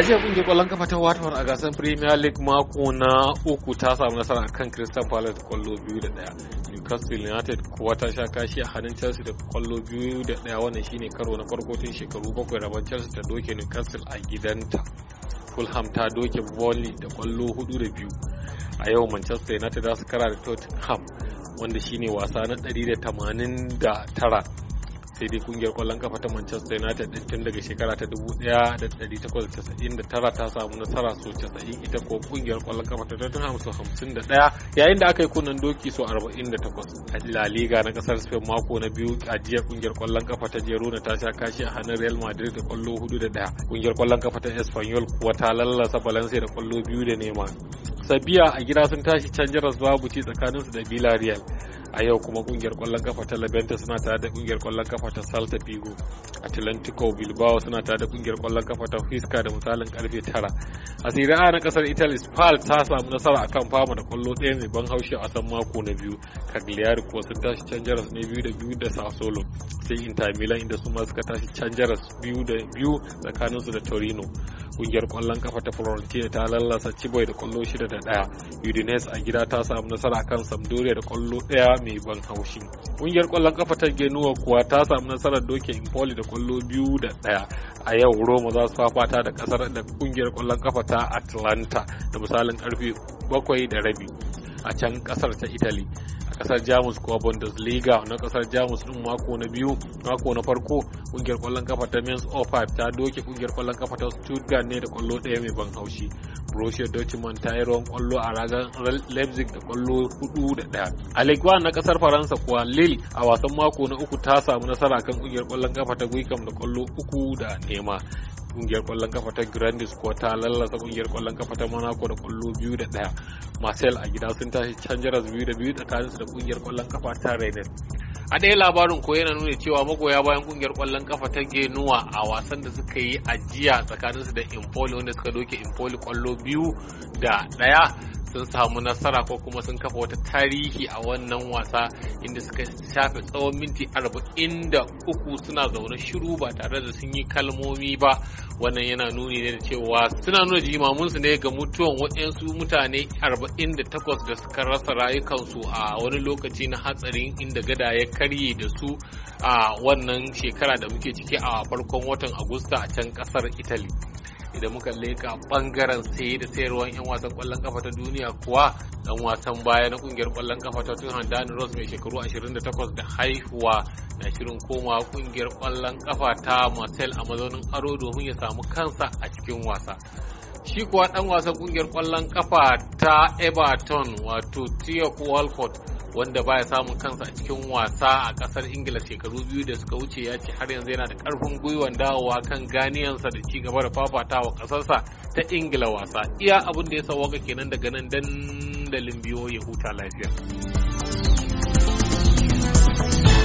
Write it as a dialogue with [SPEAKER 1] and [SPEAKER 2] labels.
[SPEAKER 1] a jiya kungiyar kwallon kafa ta watford a gasar premier league mako na uku ta samu nasara kan crystal palace kwallo biyu da daya newcastle united kuwa ta sha kashi a hannun chelsea da kwallo biyu da daya wannan shine karo na farko tun shekaru bakwai rabon chelsea ta doke newcastle a gidanta fulham ta doke volley da kwallo hudu da biyu a yau manchester united za su kara da tottenham wanda shine wasa na tara. sai dai kungiyar kwallon kafa ta Manchester United din tun daga shekara ta 1899 ta samu nasara so 90 ita ko kungiyar kwallon kafa ta Tottenham so 51 yayin da aka yi kunnen doki so 48 a La Liga na kasar Spain mako na biyu a jiya kungiyar kwallon kafa ta Girona ta sha kashi a hannun Real Madrid da kwallo 4 da 1 kungiyar kwallon kafa ta Espanyol kuwa ta lallasa Valencia da kwallo biyu da nema Sabiya a gida sun tashi can jaras babu ci tsakaninsu da Villarreal a yau kuma kungiyar kwallon kafa ta labenta suna tare da kungiyar kwallon kafa ta salta figo atlantico bilbao suna tare da kungiyar kwallon kafa ta fiska da misalin karfe tara a siriya na kasar italy spal ta samu nasara akan fama da kwallo daya mai ban haushi a san mako na biyu cagliari kuwa sun tashi can jaras ne biyu da biyu da sasolo sai inter milan inda su ma suka tashi can biyu da biyu tsakaninsu da torino kungiyar kwallon kafa ta Florentina ta lallasa ciboy da kwallo shida da daya Udinese a gida ta samu nasara kan Sampdoria da kwallo daya mai ban haushi kungiyar kwallon kafa ta Genoa kuwa ta samu nasarar doke impoli da kwallo biyu da daya a yau Roma za su fafata da kasar da kungiyar kwallon kafa ta Atlanta da misalin karfe bakwai da rabi a can kasar ta italy a kasar jamus kuwa bundesliga na kasar jamus din mako na biyu mako na farko kungiyar kwallon kafa ta Mainz 05 ta doke kungiyar kwallon kafa ta Stuttgart ne da kwallo daya mai ban haushi. Borussia Dortmund ta yi rawan kwallo a ragar Leipzig da kwallo hudu da daya. A Ligue na kasar Faransa kuwa Lille a wasan mako na uku ta samu nasara kan kungiyar kwallon kafa ta Guicam da kwallo uku da nema. kungiyar kwallon kafa ta grandis ko ta lallasa kungiyar kwallon kafa ta monaco da kwallo biyu da daya marcel a gida sun tashi canjaras biyu da biyu tsakaninsu da kungiyar kwallon kafa ta rennes a ɗaya labarin ko yana nuna cewa magoya bayan kungiyar kwallon kafa ta Genua a wasan da suka yi a jiya tsakaninsu da impoli wanda suka doke impoli kwallo biyu da daya sun samu nasara ko kuma sun kafa wata tarihi a wannan wasa inda suka shafe tsawon minti arba'in da uku suna zaune shiru ba tare da sun yi kalmomi ba wannan yana nuni ne da cewa suna nuna jimamunsu ne ga mutuwan waɗansu mutane arba'in da takwas da suka rasa rayukansu a wani lokaci na hatsarin inda gada ya karye da su a wannan shekara da muke ciki a farkon watan agusta a can ƙasar italy idan muka leka bangaren saye da sayarwar yan wasan kwallon kafa ta duniya kuwa dan wasan baya na kungiyar kwallon kafa ta Tottenham Danny Rose mai shekaru 28 da haihuwa na shirin komawa kungiyar kwallon kafa ta Marcel a mazaunin aro domin ya samu kansa a cikin wasa shi kuwa dan wasan kungiyar kwallon kafa ta everton wato theo walcott wanda baya samun kansa a cikin wasa a kasar ingila shekaru biyu da suka wuce ya ce har yanzu yana da karfin gwiwan dawowa kan ganiyansa da ci gaba da fafatawa kasarsa ta ingila wasa iya abin da ya sawaka kenan daga nan dandalin biyo ya huta lafiya